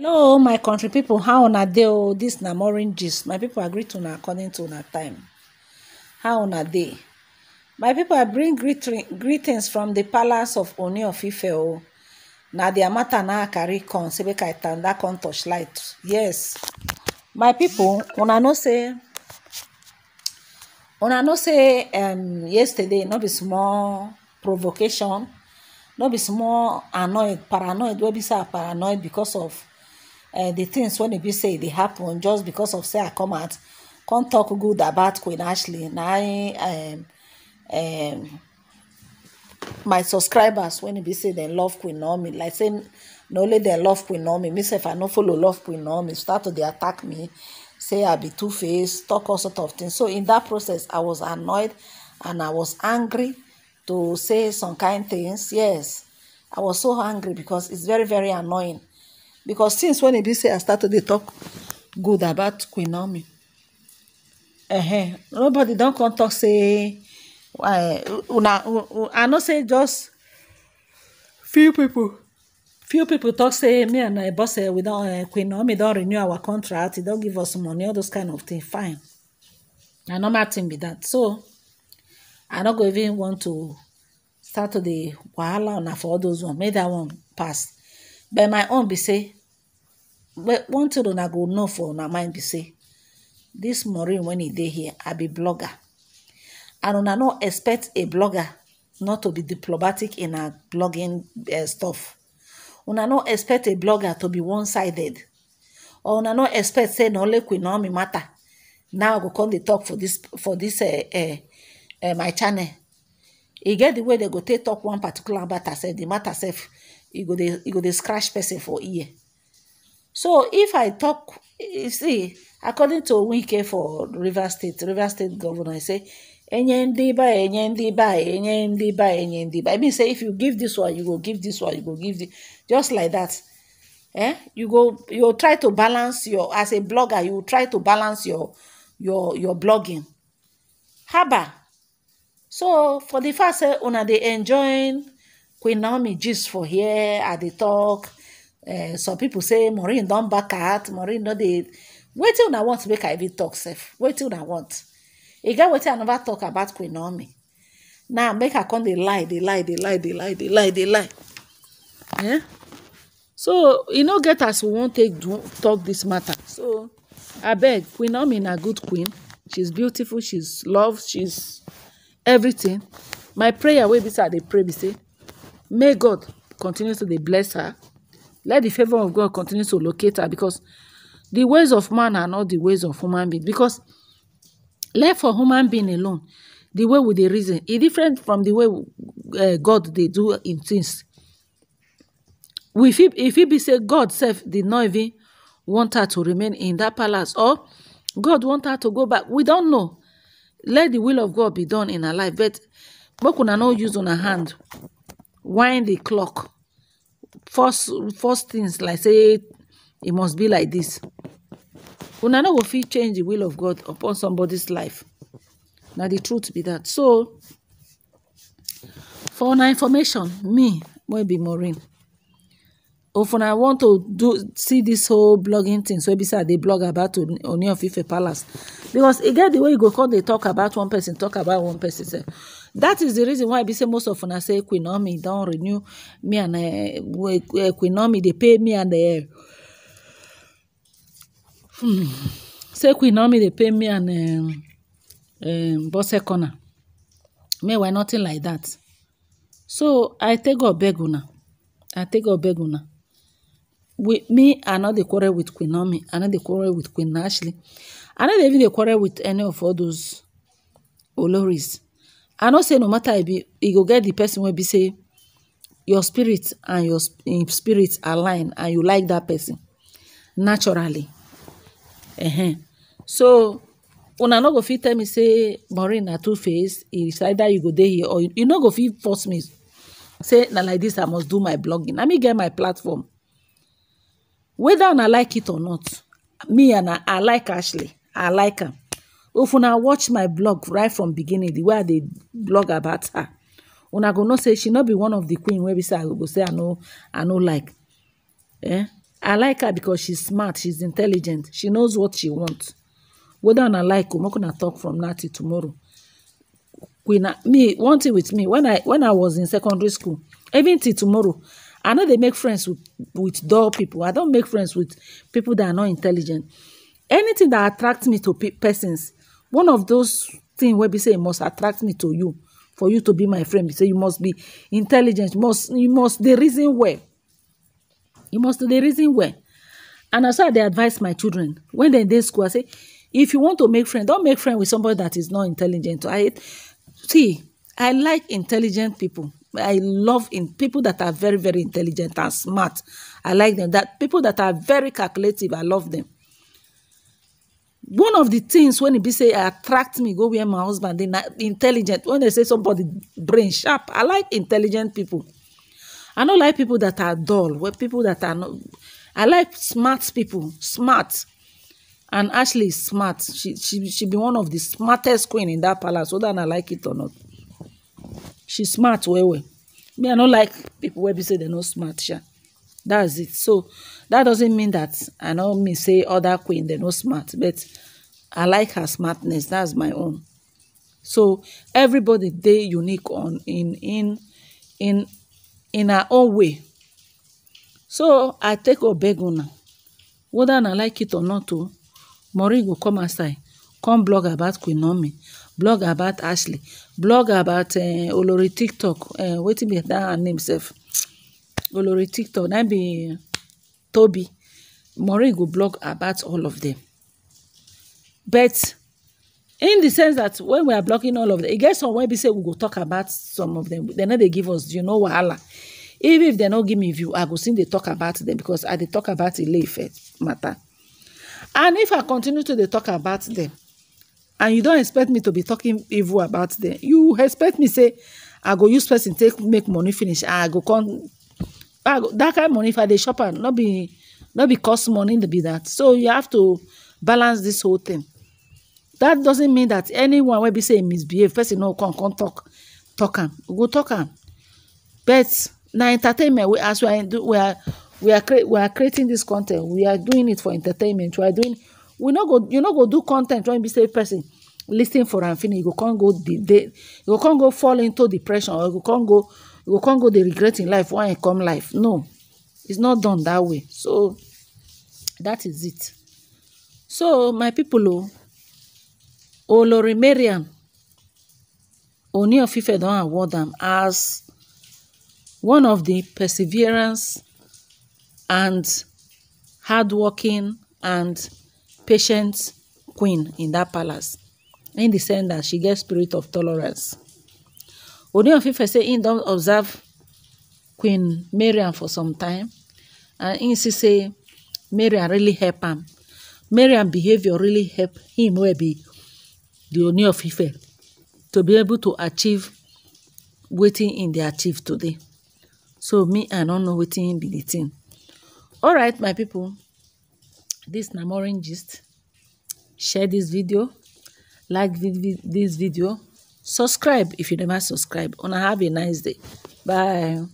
hello my country people. how una dey o oh, this na oranges. my people agree to na according to na time how a day? my people i bring greetings from the palace of oni of ife oh. na dia matter na carry con, sebe make tanda come touch light yes my people. Ona no say Ona no say um, yesterday no be small provocation no be small annoyed paranoid We be say paranoid because of uh, the things when you be say they happen just because of say I come out, not talk good about Queen Ashley. Now um, um, my subscribers when you be say they love Queen Naomi, like saying no only they love Queen Naomi, me say if I no follow love Queen Naomi, start to they attack me, say I be two faced, talk all sort of things. So in that process, I was annoyed and I was angry to say some kind things. Yes, I was so angry because it's very very annoying because since when e be say i start to talk good about queen naomi uh-huh. nobody don come talk say una i know say just few people, few people talk say me and my boss say eh, we don eh, queen naomi don renew our contract he don't give us money all those kind of thing fine na normal thing be that so i no go even want to start to dey wahala una for all those one May that one pass but my own be say but one thing una go know for una mind be say morning maureen he day here i be blogger and una no expect a blogger not to be diplomatic in her blogging eh, stuff una no expect a blogger to be one-sided or una no expect say na only know me matter now i go come the talk for this for dis eh, eh, my channel You get the way they go take talk one particular matter say the matter self, you go they scratch person for ear so if i talk you see according to wike for river state river state governor i say enye ndị ba enye ndị by, enye ndị i mean say if you give this one you go give this one you go give just like that eh you go you try to balance your as a blogger you try to balance your your your blogging haba so for the first, say una dey enjoying queen naomi gist for here at the talk Eh, some people say maureen don back out maureen no dey wetin una want make i even tok sef wetin una want e get wetin i never talk about queen naomi now make her come dey lie dey lie dey lie dey lie dey lie dey lie eh so e no get as we wan take talk this matter so abeg queen naomi na good queen she's beautiful she's love, she's everything my prayer wey be say i dey pray be say may god continue to dey bless her Let the favor of God continue to locate her because the ways of man are not the ways of human being. Because left for human being alone, the way with the reason is e different from the way uh, God they do in things. if it, if e it be say God self did not even want her to remain in that palace or God want her to go back, we don't know. Let the will of God be done in her life, but make una not use on her hand wind the clock first first things like say it must be like this. una no go fit change the will of god upon somebody's life na the truth be that so for una information me wey be maureen if una want to do see this whole blogging thing so say i dey blog about oni of ife palace because e get di way you go come dey talk about one person talk about one person sef that is the reason why i be say most of una say economy don renew me and uh, economy dey pay me and uh, hmm, say economy dey pay me and um, um, bose corner meanwhile nothing like that so i take god beg una i take god beg una we me i no dey quarrel with queen naomi i no dey quarrel with queen ashley i no dey even dey quarrel with any of all those oloris i know say no matter e be you go get the person will be say your spirit and your spirit align and you like that person naturally -huh. so una no go fit tell me say maureen na two face it's either you go dey here or you no go fit force me say like this, i must do my blogging let me get my platform whether I like it or not me and i like ashley i like her if una watch my blog right from beginning the way i blog about her una go know say she not be one of the queen Where be say i go say i no i no like eh i like her because she's smart she's intelligent she knows what she want whether I like or make una talk from now till tomorrow queen ah, me one thing with me when i when i was in secondary school even till tomorrow i know they make friends with with dull people i don't make friends with people that are not intelligent anything that attracts me to pe persons one of those things where he say must attract me to you for you to be my friend be say you must be intelligent you must you must the reason why? you must the reason why? and as i dey advise my children when they in school i say if you want to make friend don't make friend with somebody that is not intelligent i see i like intelligent people i love in people that are very very intelligent and smart i like them that people that are very calculative i love them one of the things when e be say attract me go where my husband they not intelligent when they say somebody brain sharp i like intelligent people i no like people that are dull Where people that are not i like smart people smart and ashley is smart she she she be one of the smartest queen in that palace whether i like it or not she smart well well me i no like people where be say they no smart that's it so that doesn't mean that i no mean say other queen dem no smart but i like her smartness that's my own so everybody they unique on in in in in her own way so i take obeg una whether I like it or not To oh, maureen go come aside, come blog about queen Nomi, blog about ashley blog about uh, olori tiktok uh, wetin be that her name sef olori tiktok na be toby maureen go blog about all of them, but in the sense that when we are blocking all of them it gets some we say we go talk about some of them then they give us you know wahala even if don't give me view i go see they talk about them because i they talk about life matter and if i continue to talk about them and you don't expect me to be talking evil about them you expect me say i go use person take make money finish i go come Ah, that kind of money if i shop and not be not be cost money to be that so you have to balance this whole thing that doesn't mean that anyone will be say misbehave person you come come talk talk him. we go talk him. but now entertainment as we are we are we are we are creating this content we are doing it for entertainment we are doing we not go you not go do content wey be say person listening for am finish you go can't go dey you go not go fall into depression or you go not go you go come go dey regret in life why e come life no it's not done that way so that is it so my people o olori mariam oni of ife don award am as one of the perseverance and hardworking and patient queen in that palace in the sense that she get spirit of tolerance Ooni say he don observe Queen Marian for some time and he see say Marian really help him. Marian behavior really help him wey be the Ooni of Ife to be able to achieve waiting in the achieve today. So me I don't know wetin be the thing. All right, my people, this na Morning Gist. Share this video, like this video Subscribe if you never subscribe. And have a nice day. Bye.